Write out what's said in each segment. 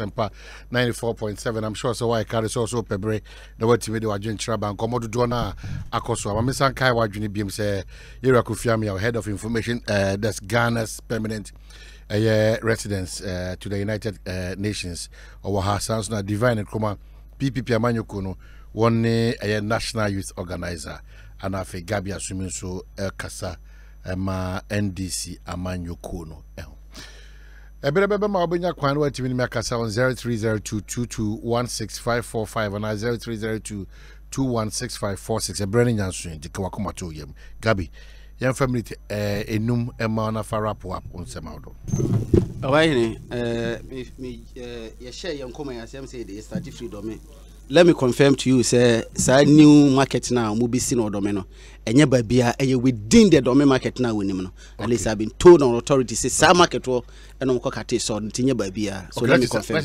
asɛmpa 94.7 I'm sure so woayɛ kare sɛ ɔsɛ wopɛberɛ na woatumi de wadwenkyerɛ ba nkɔmmɔ dodoɔ no a akɔ so ama mesa nkae wadwene biom sɛ yɛwura kofiam yɛ head of information uh, that's ghana's permanent uh, residence uh, to the united uh, nations Our Hassan na divine nkroma ppp amanyɔko no wɔn ne ɛyɛ uh, national youth organizer ana afei gabi asumi nso ɛkasa ɛma uh, ndc amanyɔko no ɛho eh ɛberɛ bɛbɛ ma wobɛnya kwan no watumi nomi akasa wo 0302221655 anaa 0302 216546 ɛberɛ no nyansoe nti ka wakomato wo yam gabi yɛmfa minute ɛnum eh, ɛma eh, no fa rap wap wo nsɛm awodo ɔbayene yɛhyɛ eh, yɛ nkɔma yɛ asɛm sɛ yɛde yɛstarte fri dɔme let me confirm to you sɛ saa new market no a mobɛsi no ɔdɔme no ɛnyɛ baabia ɛyɛ within the dɔme market na a wɔnim no at least i've been told on authority say saa market wɔ ɛnom kɔkate sɛ ɔno nti nyɛ baabia so let me confirm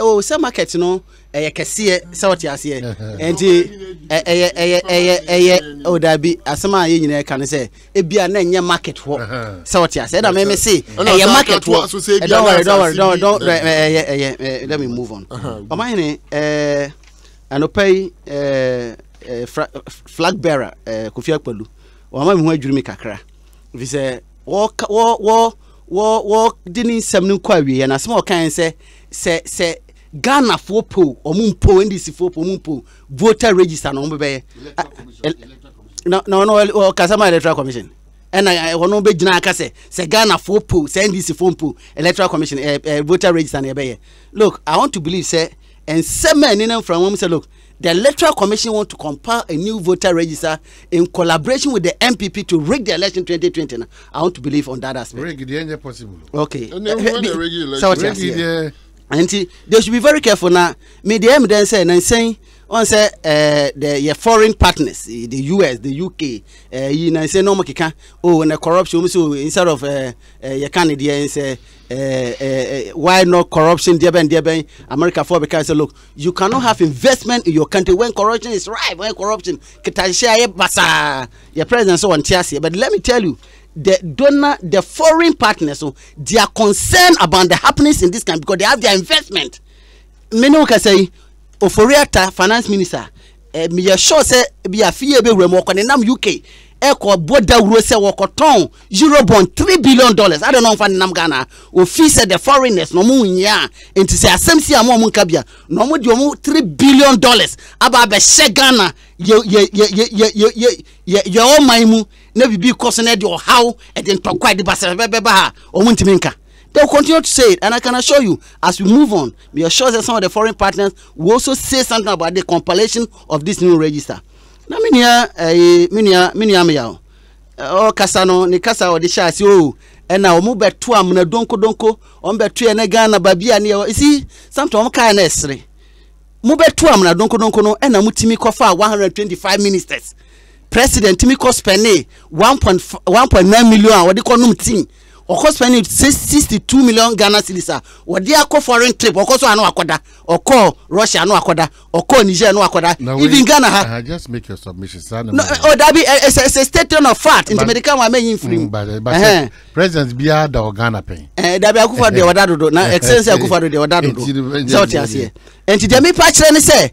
oh sɛ market no ɛyɛ kɛseɛ sɛ wɔte aseɛ ɛnti ɛyɛ ɛyɛ ɛyɛ ɛyɛ o daabi asɛm a yɛ nyinaa ka no sɛ ebia na ɛnyɛ market wɔ sɛ wɔte aseɛ ɛna mɛmɛ se ɛyɛ market wɔ don't worry don't worry don't don't ɛyɛ ɛyɛ let me move on ɔmahene ɛɛ anɔpɛ yi ɛɛ. Eh, flag bearer eh, kofi akpalu wama mi ho adwiri mi kakra fi sɛ wɔka wɔ wɔ wɔ wɔde ne nsɛm no nkɔ awieɛ na asɛm a ɔkan sɛ sɛ sɛ ghanafoɔ po ɔmo mpo ndcfoɔ po ɔmo mpo voter register na ɔmo bɛyɛ na na ɔno ɔkasa ma electoral commission ɛna ɔno bɛgyina aka sɛ sɛ ghanafoɔ po sɛ ndcfoɔ mpo electoral commission ɛ ɛ voter register na ɛbɛyɛ look i want to believe sɛ nsɛm a ɛne ne mfra wɔn mu sɛ look. the electoral commission want to compile a new voter register in collaboration with the MPP to rig the election 2020 i want to believe on that aspect. rig the engine possible. okay sọ ti a se yẹ nti they should be very careful now. me the evidence say na n wọn sɛ the foreign partners the us the uk ɛyi na sɛ n'ɔmo keka o na corruption ɔmo sɛ instead of ɛɛ yɛ ka ne deɛ sɛ ɛɛ why not corruption deɛ bɛn deɛ bɛn america for because ka look you cannot have investment in your country when corruption is rife when corruption kitahyia ayɛ basaa yɛ president so wɔn ti but let me tell you the donor the foreign partners so they are concerned about the happiness in this country because they have their investment minnu kasa yi. oforiata finance minister meyɛ sure sɛ bi afiyɛ bɛwura mu ɔkɔ nam uk ɛkɔ bɔ dawuro sɛ wɔkɔtɔn eurobond three billion dollars adi n'ɔnfa nam ghana ofi sɛ the foreigners na ɔmo nyia nti sɛ asɛm si amu ɔmo nka bia na ɔmo di ɔmo three billion dollars aba abɛhyɛ ghana yɛ yɛ yɛ yɛ yɛ yɛ yɛ yɛ ɔman mu na bibi kɔ so na ɛde ɔhaw ɛde ntɔkwa ɛde basabɛbɛba ha ɔmo ntumi nka. They'll continue to say it. And I can assure you, as we move on, we assure that some of the foreign partners will also say something about the compilation of this new register. Na minia eh minia minia me yawo. O oh. eh, oh, kasa no ne kasa o de sha si o. Oh. Ena eh, o mu beto am na donko donko, o beto e na Ghana ba bia ne yawo. See, sometimes kind na esre. Mu beto am na donko donko no ena eh, mi kofa 125 ministers. President timi ko spend 1.9 million a wode kɔ nom team ɔkɔ spend sixty two million ghana cedis a wɔde foreign trip ɔkɔ so ano akɔda ɔkɔ russia ano akɔda ɔkɔ niger ano akɔda even ghana ha. Uh-huh, just make your submission saa na. no o uh, oh, dabi eh, eh, It's a statement of fact nti mɛ mm, eh, de ka wɔn amɛyin firi mu. president biara da o ghana pɛn. ɛɛ dabi akufo de deɛ ɔda dodo na excellence akufo de deɛ ɔda dodo sɛ ɔte aseɛ nti deɛ mi pa kyerɛ ni sɛ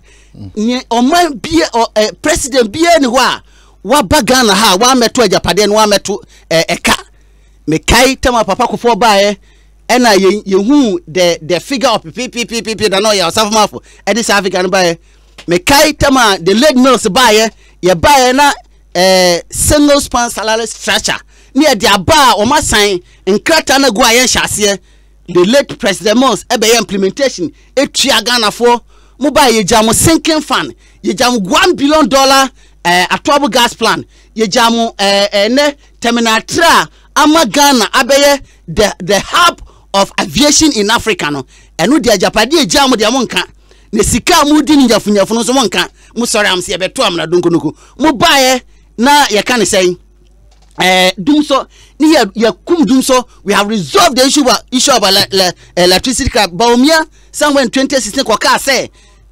nye ɔman bie ɔ ɛ president bie ni hɔ a waba ghana ha wa wamɛto agyapadeɛ ni wamɛto ɛ ɛka mekae tɛm a papa kofoɔ baeɛ ɛna yɛhu the the figure of pipipipipi na na ɔyɛ ɔsafomafo ɛde saa figure no baeɛ mekae tɛm a the late mills baeɛ yɛbaeɛ na ɛɛ single span salary structure ne yɛde aba a wɔn asan nkrataa na gu a yɛnhyɛ aseɛ the late president mills ɛbɛyɛ implementation etua ghanafoɔ mo ba yɛgya mo sinking fan yɛgya mo one billion dollar ɛɛ uh, gas plan yɛgya mo ɛɛ ɛnɛ terminal three a ama ghana abɛyɛ the the hub of aviation in africa no ɛno deɛ agyapadeɛ agya mo deɛ mo nka na sika a modi ne nyafunyafo no nso mo nka mo sɔre am sɛ yɛbɛto amena donkonoko mo baeɛ na yɛka ne sɛn ɛɛ dum so ne yɛ yɛ kum dum so we have resolved the issue about issue about electricity card baomia somewhere in 2016 kwa kɔkaa sɛ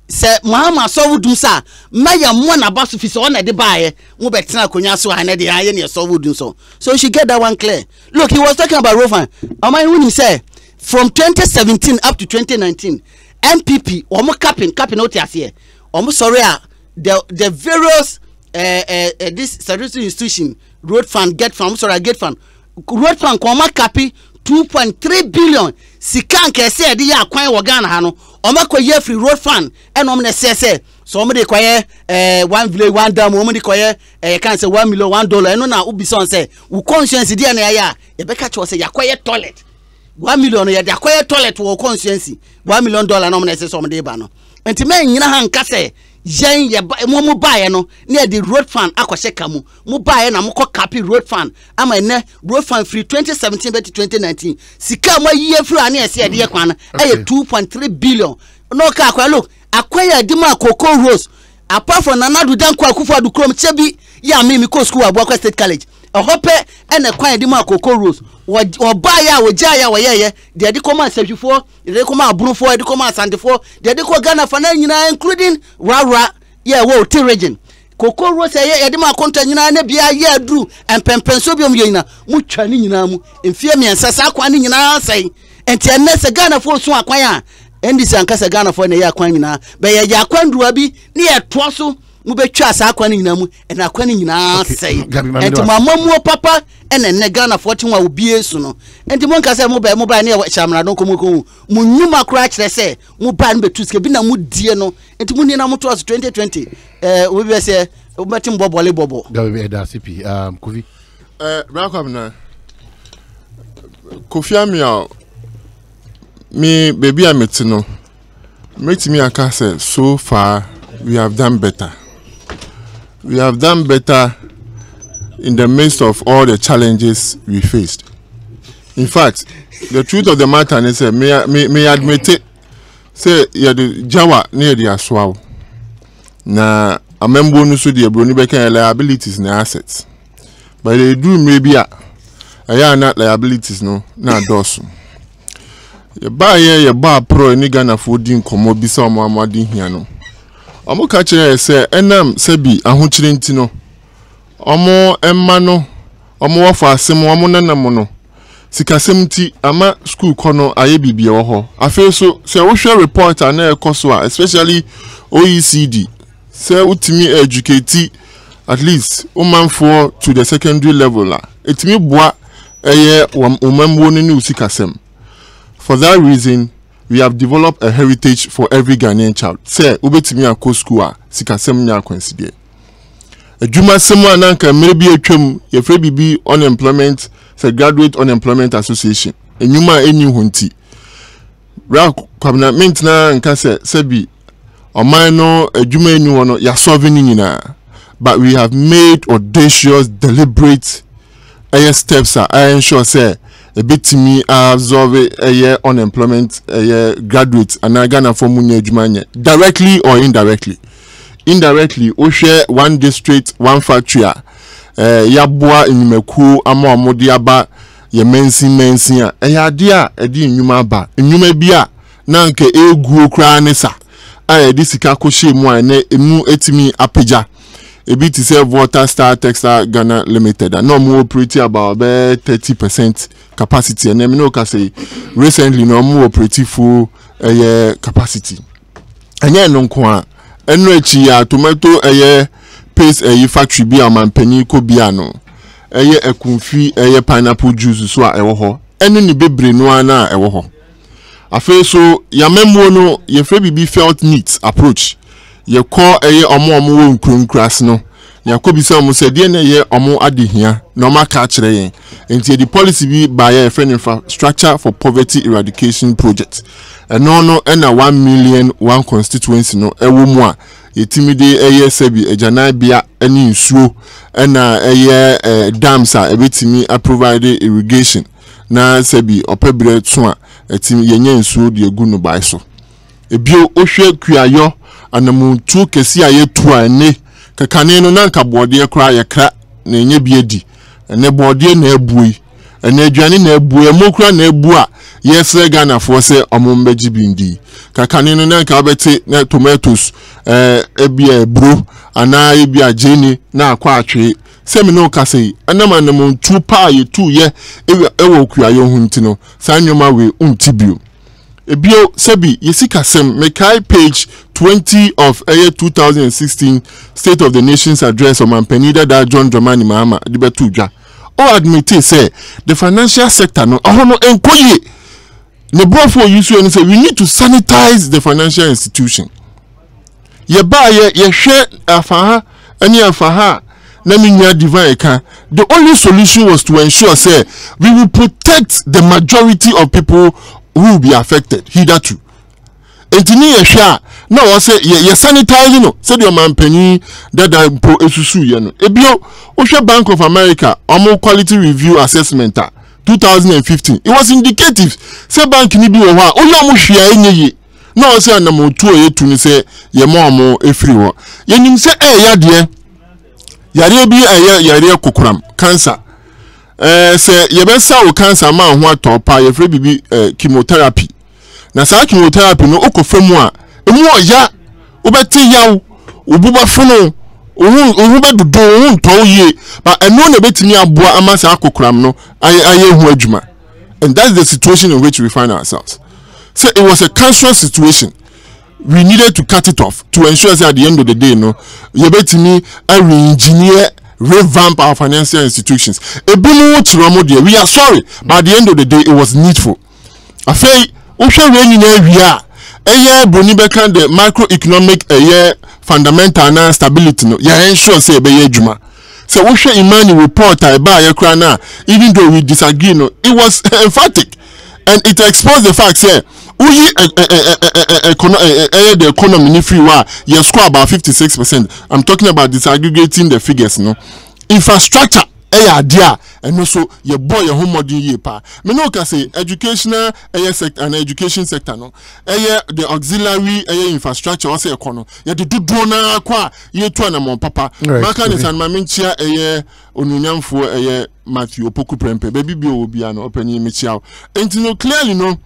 sɛ mahama asɔwo dum sa mɛyɛ mmoa n'aba so fi sɛ ɔna de baayɛ mo bɛ tena akonnwa so ha ne de ayɛ ne asɔwo so so you should get that one clear look he was talking about Rovan ɔman yi wuli sɛ from 2017 up to 2019 npp wɔn capping capping o ti aseɛ wɔn sɔrɔ a the the various uh, uh, uh, this security institution road fund get fund wɔn sɔrɔ a get fund road fund kɔn ma capi two point three billion sika nkɛse a yɛde yɛ akwan wɔ ghana ha no. ọmọ akɔyɛ firi road fan ɛna ɔmo na ɛsɛ sɛ so ɔmo de kɔyɛ ɛɛ one village one dam ɔmo de kɔyɛ ɛyɛ kan sɛ one million one dollar ɛno na obisa wɔn sɛ wò consuency deɛ na yɛayɛ a yɛbɛka kyerɛ sɛ yɛakɔyɛ toilet one million yɛde akɔyɛ toilet wɔ consuency one million dollar na ɔmo na ɛsɛ sɛ ɔmo de ba no nti mɛ nyina ha nkasɛ yɛn yɛ ba mo mo baayɛ no ne yɛde road fan akɔhyɛ ka mu mo baayɛ na mo kɔ kapi road fan ama ɛnɛ road fan firi twenty seventeen bɛ ti twenty nineteen sika a mo ayi yɛ firi ani ɛsɛ yɛde yɛ kwan no ɛyɛ e two point three billion n'ɔka akɔyɛ look akɔyɛ adi mu a cocoa rose apart from nana do danko akufo adu kurom kyɛ bi yɛ ami mi kɔ sukuu abuakɔ state college ɛhɔ pɛ ɛna kwan yɛde mu akoko rules ɔbaa yɛ a wɔgya yɛ a wɔyɛ yɛ deɛ de kɔma asɛhwifoɔ deɛ de kɔma abunufoɔ deɛ de kɔma asantefoɔ deɛ de kɔ ghana fana nyinaa including rara yɛ ɛwɔ oti region koko rules ɛyɛ yɛde mu akonta nyinaa ne bia yɛ aduru mpɛmpɛnso bi mu yɛ nyinaa mu twa ne nyinaa mu mfie mmiɛnsa saa kwan ne nyinaa sɛn nti ɛnɛ sɛ ghanafoɔ sun akwan a ndc ankasa ghanafoɔ na ɛyɛ akwan nyinaa bɛyɛ yɛ akwan dua bi ne yɛ toa so mobɛtwa saa akwa no nyinaa mu ɛna akwa no nyinaa sɛe ɛnti mo amamuo papa ɛna nnɛ ghanafoɔ te ho a obie so no ɛnti monka sɛ mobɛ mobae ne ɛhyɛ amrado nkɔmukɔmu mo nnwuma koraa kyerɛ sɛ mobae no bɛtu sika bi na modie no ɛnti monni na motoa so 2020 wobɛbɛ sɛ wobɛte mbɔbɔle bɔbɔ brakwamna um, kofi amia me baabi a mete no mɛtumi aka sɛ so far we have done better we have done better in the midst of all the challenges we faced. In fact, the truth of the matter is uh, may, may, may admit it sɛ yɛde jawa near the asoa wo a member no so deɛ buroni bɛka liabilities ne assets but they do maybe a ah, ɛyɛ a na liabilities no na adɔɔso yɛbaayɛ yɛbɔ aprɔ ne ghanafoɔ di nkɔmmɔ bi sɛ ɔmo amoaden hia no ɔmo ka kyerɛ sɛ ɛnam sɛbi ahokyere nti no ɔmo ɛma no ɔmo wɔ fa asɛm ɔmo nenam no sikasɛm ti ama sukuu kɔ no ayɛ biribi wɔ hɔ afei so sɛ wohwɛ report a na ɛkɔ so a especially oecd sɛ wotumi educate at least womanfoɔ to the secondary level a ɛtumi boa ɛyɛ wɔn mmamuo no ne wo sikasɛm for that reason we have developed a heritage for every ghanaian child sɛ wobɛtumi akɔ school a sikasɛm nyɛ akwansi deɛ adwumasɛm a nanka mmerɛ bi atwam yɛfrɛ biribi unemployment sɛ graduate unemployment association enwuma a ɛnni hɔ nti ra kwamina mentena nka sɛ sɛbi ɔman no adwuma ɛnni hɔ no yasɔve ne nyinaa but we have made audacious deliberate ɛyɛ steps a ɛyɛ nsure sɛ ebetumi absorbe ɛyɛ unemployment ɛyɛ graduate anaa ghanafo mu nyɛ adwuma nyɛ directly or indirectly indirectly wohwɛ one district one factory a ɛɛ yaboa nnwumakuo ama wɔn de aba yɛ mɛnsin mɛnsin a ɛyɛ adeɛ a ɛde nnwuma aba nnwuma bi a na eguo koraa ne sa a yɛde sika kɔhyɛ mu a ɛnɛ emu etumi apagya ebi ti sɛ water, star textile ghana limited a na operate about bɛɛ thirty percent capacity ɛnna mi n'o ka sɛ recently na wɔn operate full ɛyɛ eh, capacity ɛnyɛ ɛno nko a ɛno akyi a tomato ɛyɛ paste ɛyi eh, factory bi a ɔmanpanyin kɔ bi ano ɛyɛ ɛkunfi ɛyɛ pineapple juice so a ɛwɔ hɔ ɛne ne bebree noa na ɛwɔ hɔ afei so yamamuo no yɛfrɛ biribi felt neat approach yɛkɔ ɛyɛ ɔmo ɔmo wɔ nkuronkuro ase no yɛakɔ bi sɛ ɔmo sɛ deɛ na ɛyɛ ɔmo adehia na ɔmo aka akyerɛ yɛn nti yɛde policy bi baayɛ yɛfrɛ no infrastructure for poverty eradication project ɛno no ɛna one million one constituency no ɛwɔ mu a yɛtumi de ɛyɛ sɛbi agyananbea ɛne nsuo ɛna ɛyɛ ɛɛ eh, dams a ɛbɛtumi aprovide irrigation na sɛbi ɔpɛbrɛ so a ɛtumi yɛnyɛ nsuo de egu no bae so ebio ohwɛ kuayɔ anamutuo kɛse a yɛtu a ɛne kakane no na nka bɔɔdeɛ koraa yɛkra na ɛnyɛ bi adi ɛnɛ bɔɔdeɛ na ɛbu yi ɛnɛ aduane na ɛbu yi ɛmo koraa na ɛbu a yɛsrɛ ghanafoɔ sɛ ɔmo mbɛgye bi ndi kakane no na nka wobɛte na tomatoes ɛɛ ebi a eburo anaa ebi a na akɔ atwee sẹ́mi náà kasa yìí ẹnam anamuntu paa yẹtu yẹ ẹwọ okuyayọ ho nti no saa nneọma wei nti bio ebio sebi yesi kasem mekai page twenty of ɛyɛ two thousand and sixteen state of the nations address ɔmanpanin dada john dramani mahama de bɛto dwa ɔ admit sɛ the financial sector no ɔhɔ no nko yie ne borɔfo oyi so ɛni we need to sanitize the financial institution yɛbaa yɛ yɛhwɛ afaha ɛne afaha na mi nua divine ɛka the only solution was to ensure say we will protect the majority of people will be affected hitherto nti ni yɛhwɛ a na wɔn sɛ yɛ yɛ sanitize no sɛdeɛ ɔman panyin dada mpo esusu yɛ no ebio wohwɛ bank of america ɔmo quality review assessment a two thousand and fifteen it was indicative sɛ bank ni bi wɔ hɔ a oyɛ e ɔmo hwia enye yie na wɔn sɛ anam otu a yɛtu ne sɛ yɛma ɔmo efiri hɔ yɛnim sɛ ɛyɛ eh, adeɛ yareɛ bi ɛyɛ eh, yareɛ kokoram cancer Eh, sɛ yɛbɛsa wo cancer ma ho atɔ paa yɛfrɛ biribi eh, chemotherapy na saa chemotherapy no wokɔ fam a ɛmu ɔya wobɛte yaw wo bo bɛfono ohu bɛdodo ohu ntɔ wo yie ba ɛno na ɛbɛtumi aboa ama saa akokoram no ayɛ ho adwuma and that's the situation in which we find ourselves so it was a cancerous situation we needed to cut it off to ensure say at the end of the day no yɛbɛtumi areengineer revamp our financial institutions ebinom kyerɛ ɔmo deɛ we are sorry mm. but at the end of the day it was needful afei wohwɛ wei nyinaa wie a ɛyɛ broni bɛka de microeconomic ɛyɛ fundamental na stability no yɛn ensure sɛ ɛbɛyɛ adwuma sɛ wohwɛ imani report a ɛbaa yɛ kora no even though we disagree no it was emphatic and it expose the fact say wuyi ɛyɛ the economy ni free wa yɛ score about fifty six percent i'm talking about disaggregating the figures no infrastructure ɛyɛ adeɛ a ɛno so yɛbɔ yɛn ho mmɔden yie paa mene oka sɛ educational ɛyɛ sector ana education sector no ɛyɛ the auxiliary ɛyɛ infrastructure ɔsɛ ɛkɔ no yɛde dodoɔ naa kɔ a yɛtu anamɔn papa maka ne san maame nkyia ɛyɛ onunyamfoɔ ɛyɛ matthew opoku prɛmpɛ baabi bi ɔwɔ bia no ɔpanyin mekyia o nti no clearly no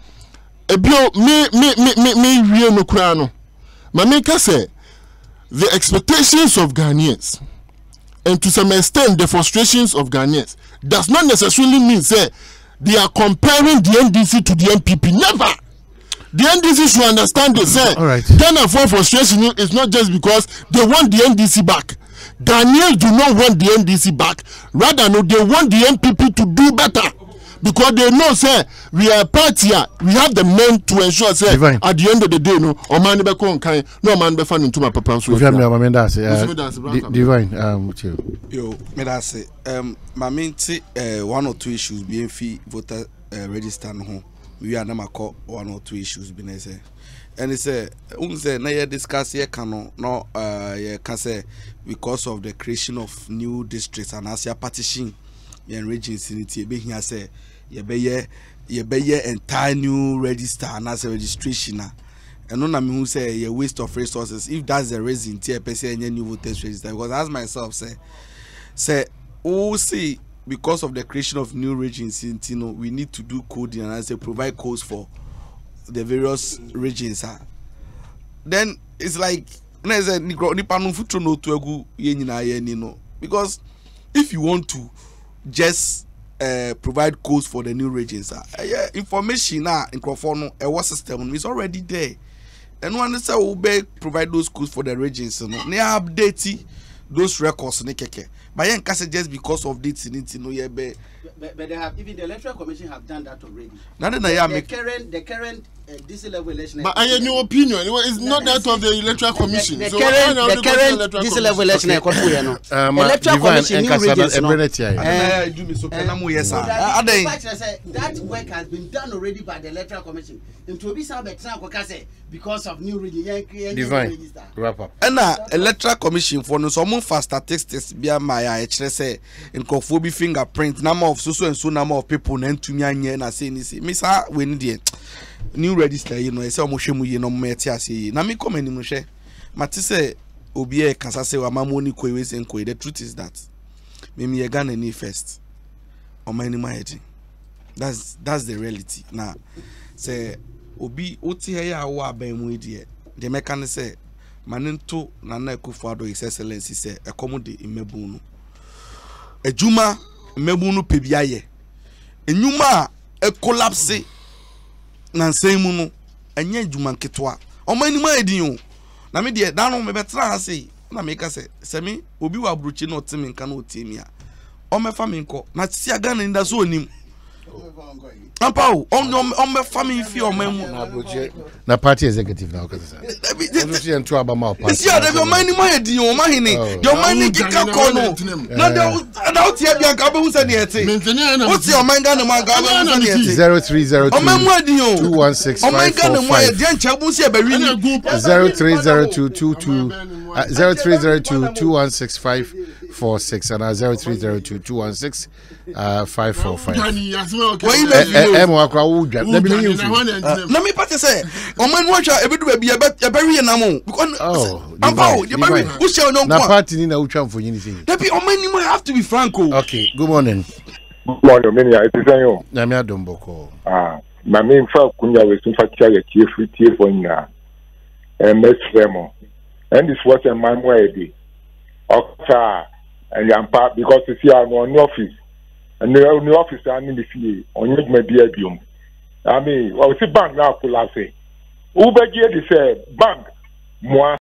ebio me me me me me wie no koraa no maame ka sɛ the expectations of ghanaians. and to some extent the frustrations of Ghanaians does not necessarily mean say they are comparing the NDC to the NPP. Never. The NDC should understand this. Say, All right. Ten and four frustration is not just because they want the NDC back. Ghanaians do not want the NDC back. Rather, no, they want the NPP to do better. because they know say we are party a we have the men to ensure say Divine. at the end of the day no ọman ni bẹ kọ nkan na ọman bẹ fa ne ntoma papa nso. ofi amina maame da ase divine um, with yo um, mi da ase maame n ti uh, one or two issues bi n fi voter uh, register no ho wi a na ma kɔ one or two issues bi um, na ɛsɛ ɛni sɛ n sɛ na yɛ discuss yɛ ka no na yɛ ka sɛ because of the creation of new districts and asia partition yɛn regions ni ti ebi hia sɛ yɛbɛyɛ yɛbɛyɛ entire new register anaasɛ registration a ɛno na mehu sɛ ɛyɛ waste of resources if that's the reason ti ɛpɛ sɛ ɛnyɛ new voters register because as myself sɛ sɛ o say because of the creation of new regions nti no we need to do coding and as say provide codes for the various regions ah then it's like na ẹ sẹ nipa no futuro na otu yẹn nyinaa yẹn ni no because if you want to just Eh, provide codes for the new regions eh, a ɛyɛ information a ah, nkurɔfoɔ no ɛwɔ eh, system no is already there ɛnu wani sɛ wo bɛ provide those codes for the regions no ne update those records ne kɛkɛ but yɛn nkasa just because of date ni ti no yɛ bɛ. but they have even the electoral commission have done that already. na de na yɛ amik. the current the current Eh, But I uh, new opinion. It's not that of the electoral commission. The, the, current, the current electoral DC level election. Okay. Okay. Um, uh, electoral Divine commission new readings. No. That work has been done already by the electoral commission. Because of new reading. Divine. Wrap up. ɛna eh, electoral commission fo no nso ɔmo nfa statistics bi ama yɛ a ɛkyerɛ sɛ nkurɔfoɔ bi fingerprint number of soso and so number of people na ntumi anyɛ na se ne se misa wɛ ni deɛ new register yi no ɛsɛ ɔmo hwɛ mu yi na ɔmo ɛte aseɛ yi na mi kɔm anim hwɛ mate sɛ obi yɛ kasa sɛ wama mo ni koe wese nkoe the truth is that mimi yɛ ghana ni first ɔmo anim ayɛ den that's that's the reality na sɛ obi wote ha yi a wɔ aban mu yi deɛ deɛ mɛka ne sɛ ma ne nto nana akufo ado his excellence sɛ ɛkɔm de mmɛbun no adwuma mmɛbun no pɛ bi ayɛ enyuma a ɛkolapse. E na nsɛn mu no ɛnyɛ adwuma nketewa ɔmo anim ayɛ din o na mi deɛ dano mebɛtena ha sei na meka sɛ sɛme obi wɔ aburokyi na ɔte nka na ɔtie mi a ɔmɛfa me nkɔ na ni onim ampa o ɔmbɛfa me fi ɔma mu na party executive na wokasa sɛ nto aba ma ɔpa ɛsia dɛ bi ɔman nim ayɛ din ɔma hene deɛ ɔman ne keka kɔ no na da woteɛ bi anka wobɛhu sɛ deɛ ɛte wote ɔman ghana mu anka wobɛhu sɛ deɛ ɛte ɔman mu adin o ɔman ghana mu ayɛ deɛ nkyɛ bu sɛ ɛbɛwi ni 0302 2165 four six and zero three zero two two one six uh, five four five. ẹ mọ akora wo dwa dabi ni yin fi. na mi pati sẹ ọmọ inú ọjà ebi dùn ẹbi ẹbẹ rí yẹn namu. papa o yẹ bẹ rí o ṣe ọ̀nà nkwa. na party ni na o twa nfonni si. dabi ọmọ ẹni mu i have to be frank o. Oh. okay good morning. good morning mi ah, ni eh, oh. a ti sẹ́yìn o. nyami adomboko. maame nfa kunya wesu nfa tia yẹ tie fi tie fọ nyinaa ẹ mẹsirẹ mọ ẹn dis wọsẹ maa mu ẹ di ọkọ saa nyampa because sisi a no ɔne office ɛne ɔne office a ne ne fie ɔnye adwuma bi abio mu ami ɔsi bank na akula se wobɛgye edi sɛ bank mua.